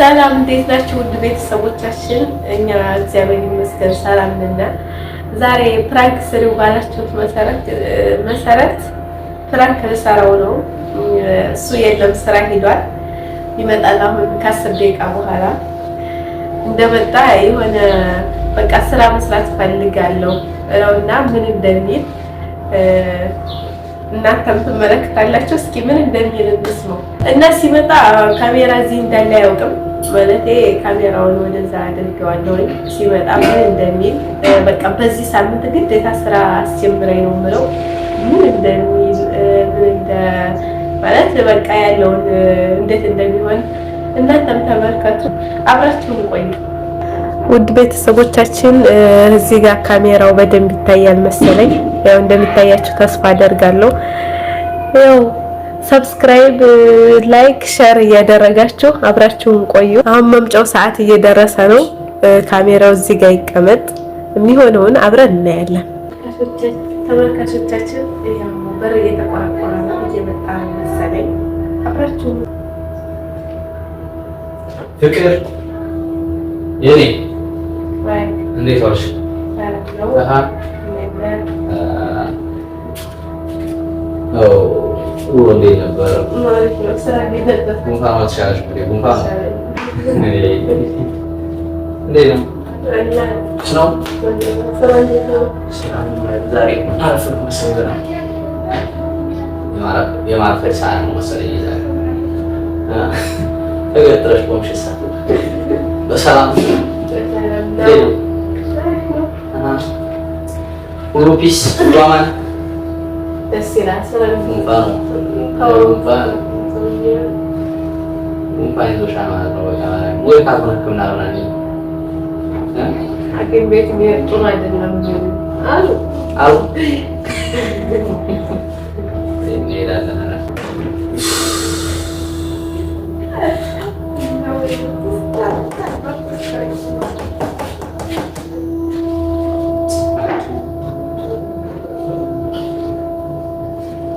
ሰላም እንዴት ናችሁ? ውድ ቤተሰቦቻችን፣ እኛ እግዚአብሔር ይመስገን ሰላም ነን። ዛሬ ፕራንክ ስሪው ባላችሁት መሰረት መሰረት ፕራንክ ልሰራው ነው። እሱ የለም ስራ ሄዷል። ይመጣል አሁን ከአስር ደቂቃ በኋላ እንደመጣ የሆነ በቃ ስራ መስራት ፈልጋለሁ እና ምን እንደሚል እናንተም ትመለከታላችሁ። እስኪ ምን እንደሚል እንስማው እና ሲመጣ ካሜራ እዚህ እንዳለ አያውቅም። ማለት ካሜራውን ወደዛ አድርገዋለሁ ሲመጣ ምን እንደሚል በቃ። በዚህ ሳምንት ግዴታ ስራ አስጀምረኝ ነው የምለው ምን እንደሚል ማለት በቃ ያለውን እንዴት እንደሚሆን እናንተም ተመልከቱ፣ አብራችሁን ቆዩ። ውድ ቤተሰቦቻችን እዚህ ጋር ካሜራው በደንብ ይታያል መሰለኝ። ያው እንደሚታያችሁ ተስፋ አደርጋለሁ። ያው ሰብስክራይብ፣ ላይክ፣ ሸር እያደረጋችሁ አብራችሁን ቆዩ። አሁን መምጫው ሰዓት እየደረሰ ነው። ካሜራው እዚህ ጋር ይቀመጥ፣ የሚሆነውን አብረን እናያለን። ተመልካቾቻችን በር እየተቆራቆረ ነው፣ እየመጣ መሰለኝ። አብራችሁ ፍቅር የኔ እንዴት ዋልሽ? ውሎ እንዴት ነበረ? ጉንፋን አልተሻለሽም? ጉንፋን እንዴት ነው? ስራው ዛሬ አረፍ መሰለኝ የማረፈድ ሰዓት ነው መሰለኝ ዛሬ ተገጥረሽ ቆምሽ በሰላም ጉዳይ ነው። ሁሉ ደስ ይላል። ጉንፋን ነው። እንሄዳለን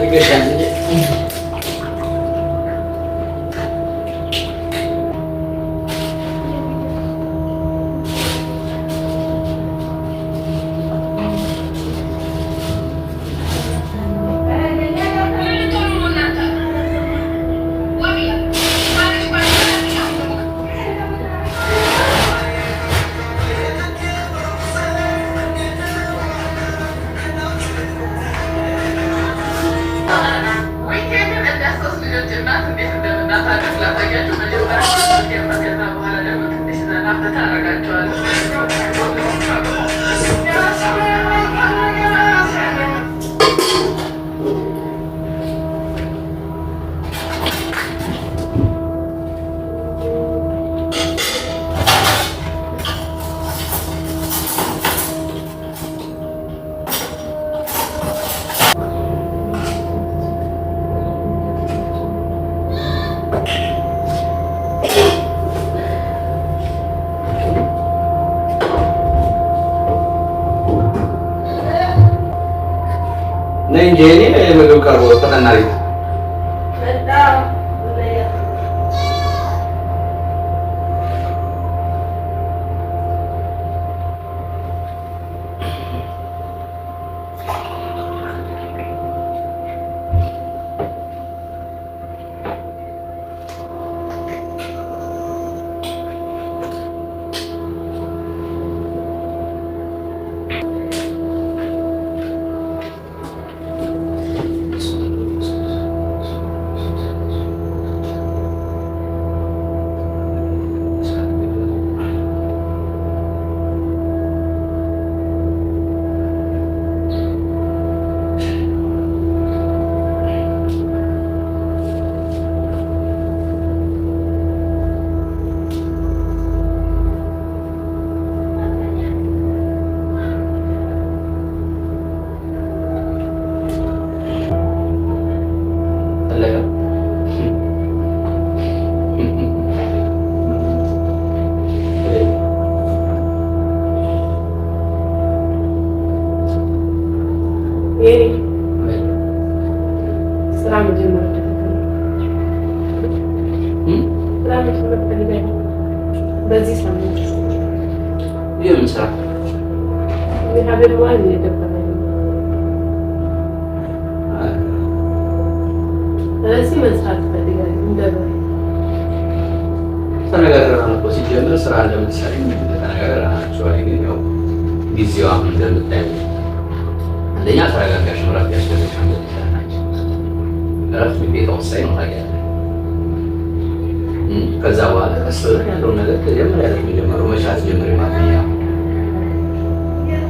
Hare Krishna. በኋላ నేను చేయని మీరు కలగొస్తానన్నారు በዚህ ሳምንት ይህም ስራ ስለዚህ መስራት ፈልጋለሁ። እንደበረ ተነጋግረናል እኮ ሲጀምር ስራ እንደምትሰሪ ተነጋግረናቸዋል። ግን ያው ጊዜው አሁን እንደምታየው አንደኛ ተረጋጋሽ መራት ያስፈልጋል። እረፍት ቤት ውሳኝ ነው ታያለ ከዛ በኋላ ቀስ ያለው ነገር ከጀመር ያለ የሚጀመረው መሻት ጀምር ማገኛ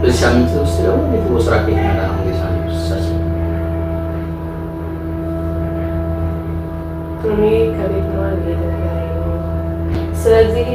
በዚህ ሳምንት ውስጥ ደግሞ የትቦ ስራ ከየት ነው ጌሳ ሳስ ስለዚህ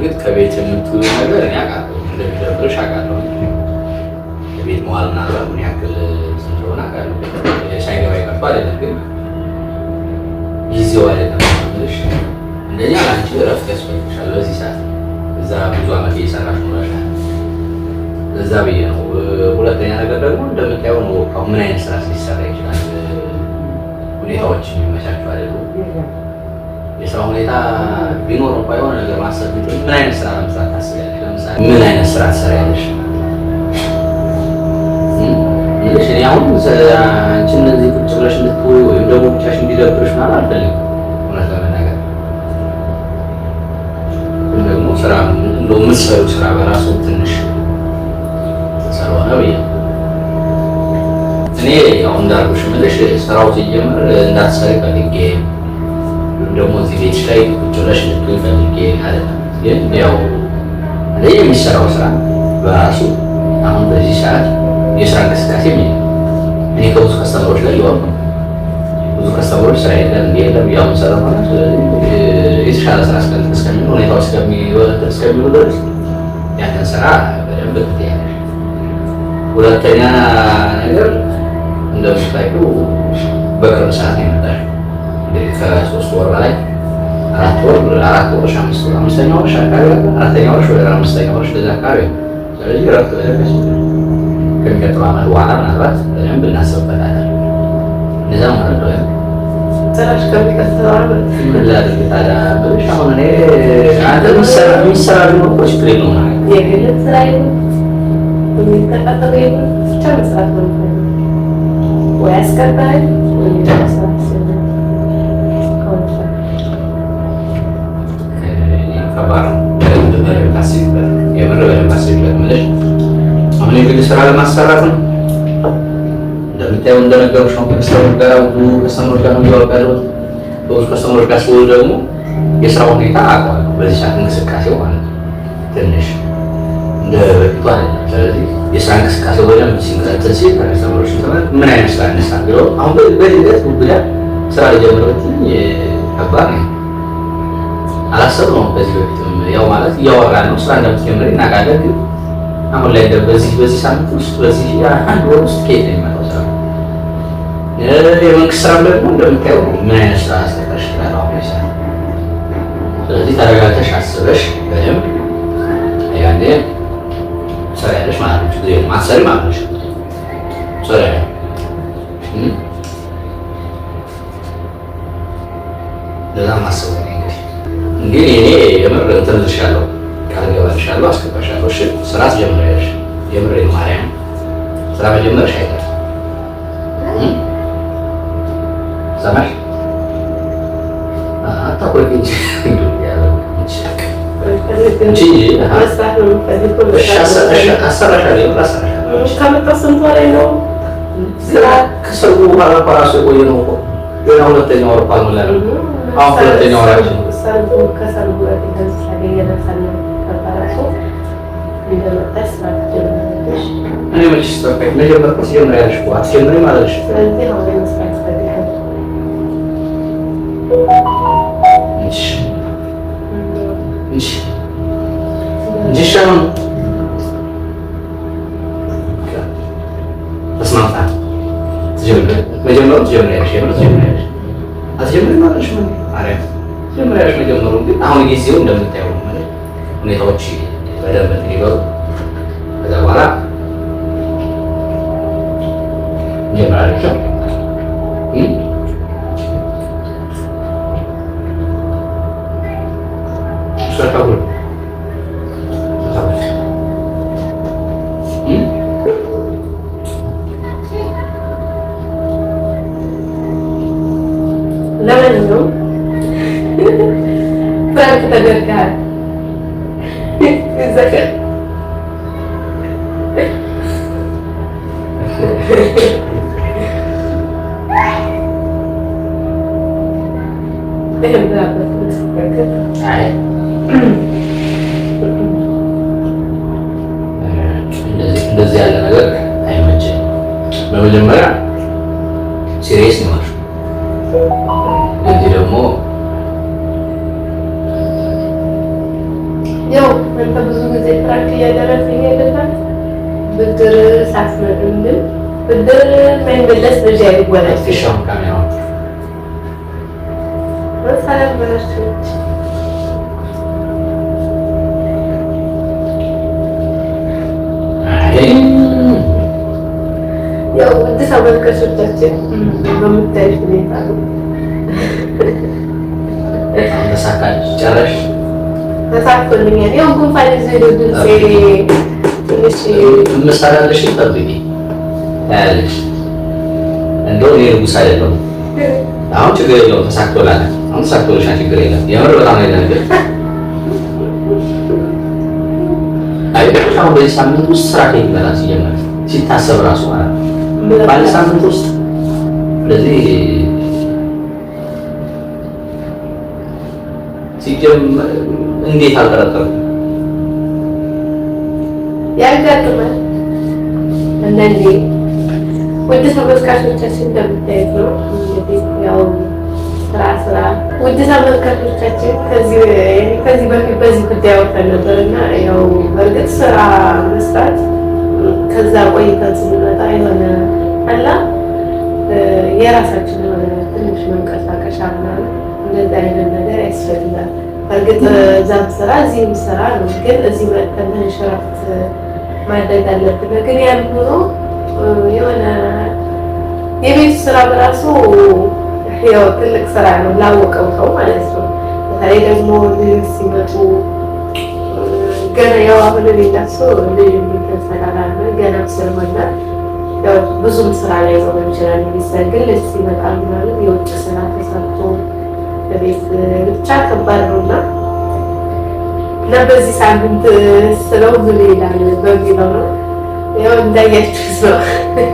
በእርግጥ ከቤት የምትውል ነገር እኔ አውቃለሁ፣ እንደሚደብርሽ አውቃለሁ። ቤት መዋል ምናልባት ምን ያክል ስለሆነ አውቃለሁ። ሳይገባ የገባ አይደለም፣ ግን ጊዜው አይደለም። እንደኛ ለአንቺ እረፍት ያስፈልግሻል። በዚህ ሰዓት እዛ ብዙ አመት እየሰራሽ ኖረሻል። እዛ ብዬ ነው። ሁለተኛ ነገር ደግሞ እንደምታየው ነው። ምን አይነት ስራ ሊሰራ ይችላል? ሁኔታዎች የሚመቻቸው አይደሉም። የስራ ሁኔታ ቢኖር እንኳ የሆነ ነገር ማሰብ ምን አይነት ስራ ለመስራት ታስቢያለሽ? ለምሳሌ ምን አይነት ስራ ትሰሪያለሽ? እኔ አሁን አንቺ እነዚህ ቁጭ ብለሽ እንድትውይ ወይም ደግሞ ብቻሽ እንዲደብርሽ ማለት አይደለም። እውነት ለመናገር ደግሞ ስራ እንደው የምትሰሪው ስራ በራሱ ትንሽ ስለሆነ ብዬ እኔ ያው እንዳልኩሽ የምልሽ ስራው ሲጀምር እንዳትሰሪ ፈልጌ ደግሞ እዚህ ላይ ቁጭ ብለሽ ፈልጌ አይደለም። ግን ያው እኔ የሚሰራው ስራ በራሱ አሁን በዚህ ሰዓት የስራ እንቅስቃሴ ሚ እኔ ከብዙ ከስተመሮች ላይ ይዋሉ ብዙ ከስተመሮች ስራ የለም ሰራ ማለት የተሻለ ስራ ሁኔታው ድረስ ያንን ስራ በደንብ ትያለሽ። ሁለተኛ ነገር እንደምታውቂው በቅርብ ሰዓት ይመጣል ከሶስት ወር በላይ አራት ወር አራት ወር አምስተኛ ወር አካባቢ አራተኛ ወር ወደ አምስተኛ ወር እንደዚያ አካባቢ ስለዚህ ረፍት በደረስ ከሚቀጥለው ዓመት በኋላ ምናልባት በደንብ እናስብበታለን። እነዛ ማለት ነው ትንሽ ከሚቀጥለው ዓመት ምን ላድርግ ታዲያ ብልሽ አሁን እኔ አንተ የሚሰራ የሚሰራ ደግሞ እኮ ችግር የለውም ማለት ነው የግል ስራ የለም የሚተቀጠቀ የለም ብቻ መስራት ነው ወይ አስቀባይ ወይ ስራ ለማሰራት ነው። እንደምታየው እንደነገሩ ነው። ከስተመሮች ጋር ብዙ ከስተመሮች ጋር እያወቅ ያለሁት በብዙ ከስተመሮች ጋር ሲሆን ደግሞ የስራ ሁኔታ አቋል በዚህ ሰዓት እንቅስቃሴ ማለት ነው ትንሽ እንደ በፊቱ አለ። ስለዚህ የስራ እንቅስቃሴ በደንብ ሲንቀሳቀስ ሲል ከስተመሮች ምን አይነት ስራ እንስራ ብለው አሁን በድንገት ጉብዳ ስራ ጀምረት ከባድ ነው። አላሰብነውም። በዚህ በፊትም ያው ማለት እያወራ ነው ስራ እንደምትጀምር እናውቃለን ግን አሁን ላይ በዚህ በዚህ ሳምንት ውስጥ በዚህ አንድ ወር ውስጥ ከየት የሚመጣው ስራ? የመንግስት ስራም ደግሞ እንደምታየው ምን አይነት ስራ አስጠቀሽ ላሁሳ። ስለዚህ ተረጋግተሽ አስበሽ በደንብ ያኔ ትሰሪያለሽ ማለት ነው። ጊዜ ማሰሪ ማለት ነው። ትሰሪያ ለዛ ማሰብ እንግዲህ እኔ የምር እንትን እልሻለሁ ቃል ገባልሻለሁ አስገባሻለሁ። እሺ ስራ አስጀምረሽ የምሬ ማርያም ስራ መጀመርሽ አይቀር ሰማሽ። አታቆልቅ እንጂ ነው? ከሰርጉ በኋላ እኮ እራሱ የቆየ ነው እኮ ገና ሁለተኛ ወር እኮ አልሞላንም። አሁን ሁለተኛ ወራችን እኔ መጀመሪያሽ መጀመሩ ግን አሁን ጊዜው እንደምታየው ini hoci menteri baru ada warak ini menarik hmm? Saya Lalu, lalu, ازيك እንደዚህ ያለ ነገር አይመችም። በመጀመሪያ ሲሪየስ ነው እየመጣች እያደረሰኝ አይደለም። ብድር ሳትመልምልን ብድር ማይመለስ ልጅ አይወለድ። ያው ውድ ተመልካቾቻችን በምታዩት ሁኔታ ነው። ተሳካለች ጨረሽ ተሳክቶልኛል። ያው ጉንፋን ይዞ ትንሽ መሳላለሽ ጠብቂ ያለሽ አሁን ችግር የለውም ተሳክቶላል። አሁን ተሳክቶልሻል፣ ችግር የለም። የምር በጣም ነው ነገር አሁን በዚህ ሳምንት ውስጥ ስራ ከይበላ ሲጀመር ሲታሰብ ራሱ ማለት ነው ሳምንት ውስጥ ስለዚህ ሲጀመር እንዴት አልጠረጠርኩም? ያጋጥማል። አንዳንዴ ውድ ተመልካቾቻችን ከዚህ በፊት በዚህ ጉዳይ ወጥተን ነበርና ስራ ከዛ የሆነ አላ የራሳችን የሆነ ትንሽ መንቀሳቀሻ ምናምን እንደዚህ አይነት ነገር ያስፈልጋል። እርግጥ እዛ ምሰራ እዚህ ምሰራ ነው፣ ግን እዚህ መጠን መንሸራፍት ማድረግ አለብን። ግን ያን ሆኖ የሆነ የቤቱ ስራ በራሱ ያው ትልቅ ስራ ነው ላወቀው ሰው ማለት ነው። በተለይ ደግሞ ሲመጡ ገና ያው አሁን ቤታሱ ተሰራራለ ገና ስለሆነ ብዙም ስራ ላይ ነው ይችላል። ግን ሲመጣ ምናምን የውጭ ስራ ተሰርቶ በቤት ብቻ እና በዚህ ሳምንት ስለው ምን ይላል በሚለው ያው እንዳያችሁት ነው።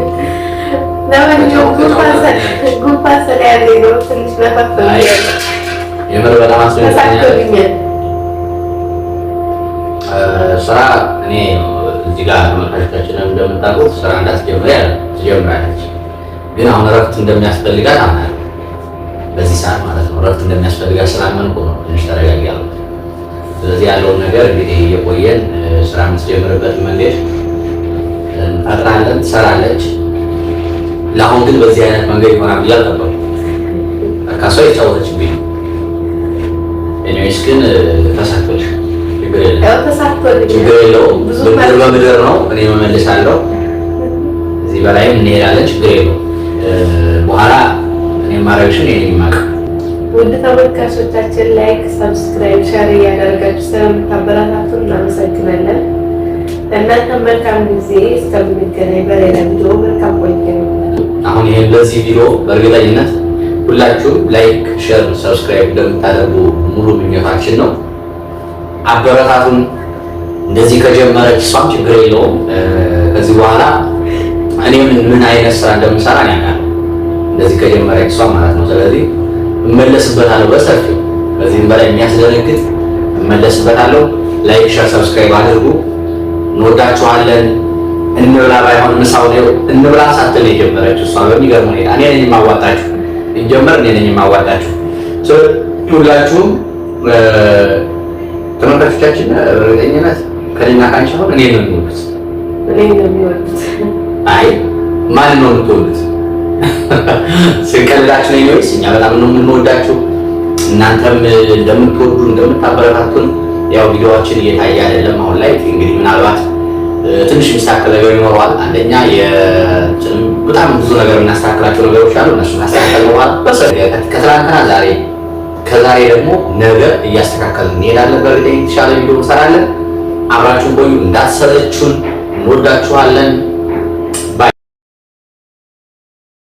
ስራ እኔ እዚህ ጋር ተመልካቾቻችንን እንደምታውቁት ስራ እንዳስጀምር ትጀምራለች፣ ግን አሁን እረፍት እንደሚያስፈልጋት አምናለሁ። በዚህ ሰዓት ማለት ነው እረፍት እንደሚያስፈልጋት ስላመንኩ ነው ትንሽ ተረጋጊ ያሉት ስለዚህ ያለውን ነገር እንግዲህ እየቆየን ስራ የምትጀምርበት መንገድ አጥራለን ትሰራለች። ለአሁን ግን በዚህ አይነት መንገድ ይሆናል ብዬ አልጠበኩም። እሷ የጫወተችብኝ ኤኒዌይስ ግን ተሳክቶል። ችግር የለውም። ምድር በምድር ነው። እኔ መመልሳለሁ። እዚህ በላይም እንሄዳለን። ችግር የለውም። በኋላ እኔ ማድረግሽን የኔ የማውቅ ውድ ተመልካቾቻችን ላይክ፣ ሰብስክራይብ፣ ሸር እያደረጋችሁ ስለምታበረታቱን እናመሰግናለን። እናንተ መልካም ጊዜ እስከምንገናኝ በሌላ ቪዲዮ መልካም ቆይታ። አሁን ይህን በዚህ ቪዲዮ በእርግጠኝነት ሁላችሁም ላይክ፣ ሸር፣ ሰብስክራይብ እንደምታደርጉ ሙሉ ምኞታችን ነው። አበረታቱን። እንደዚህ ከጀመረች እሷም ችግር የለውም። ከዚህ በኋላ እኔ ምን አይነት ስራ እንደምሰራ ያውቃል። እንደዚህ ከጀመረች እሷም ማለት ነው። ስለዚህ እመለስበታለሁ በሰፊው ከዚህም በላይ የሚያስደነግጥ እመለስበታለሁ። ላይክ፣ ሼር፣ ሰብስክራይብ አድርጉ። እንወዳችኋለን። እንብላ ባይሆን ምሳው ነው እንብላ ሳትል የጀመረችው እሷ በሚገርም ሁኔታ እኔ ነኝ የማዋጣችሁ እንጀምር እኔ ነኝ የማዋጣችሁ። ሁላችሁም ተመልካቾቻችን እርግጠኝነት ከእኔና ከአንቺ እኔ ነው የሚወዱት። አይ ማን ነው የምትወዱት? ስንቀልዳችሁ ነው ይወይስ እኛ በጣም ነው የምንወዳችሁ። እናንተም እንደምትወዱ እንደምታበረታቱን ያው ቪዲዮዎችን እየታየ አይደለም። አሁን ላይ እንግዲህ ምናልባት ትንሽ የሚስተካከል ነገር ይኖረዋል። አንደኛ በጣም ብዙ ነገር የምናስተካክላቸው ነገሮች አሉ። እነሱ ካስተካከል በኋላ ከትላንትና ዛሬ ከዛሬ ደግሞ ነገ እያስተካከልን እንሄዳለን። በእርግጠኝ የተሻለ ቪዲዮ እንሰራለን። አብራችሁን ቆዩ፣ እንዳትሰለቹን። እንወዳችኋለን።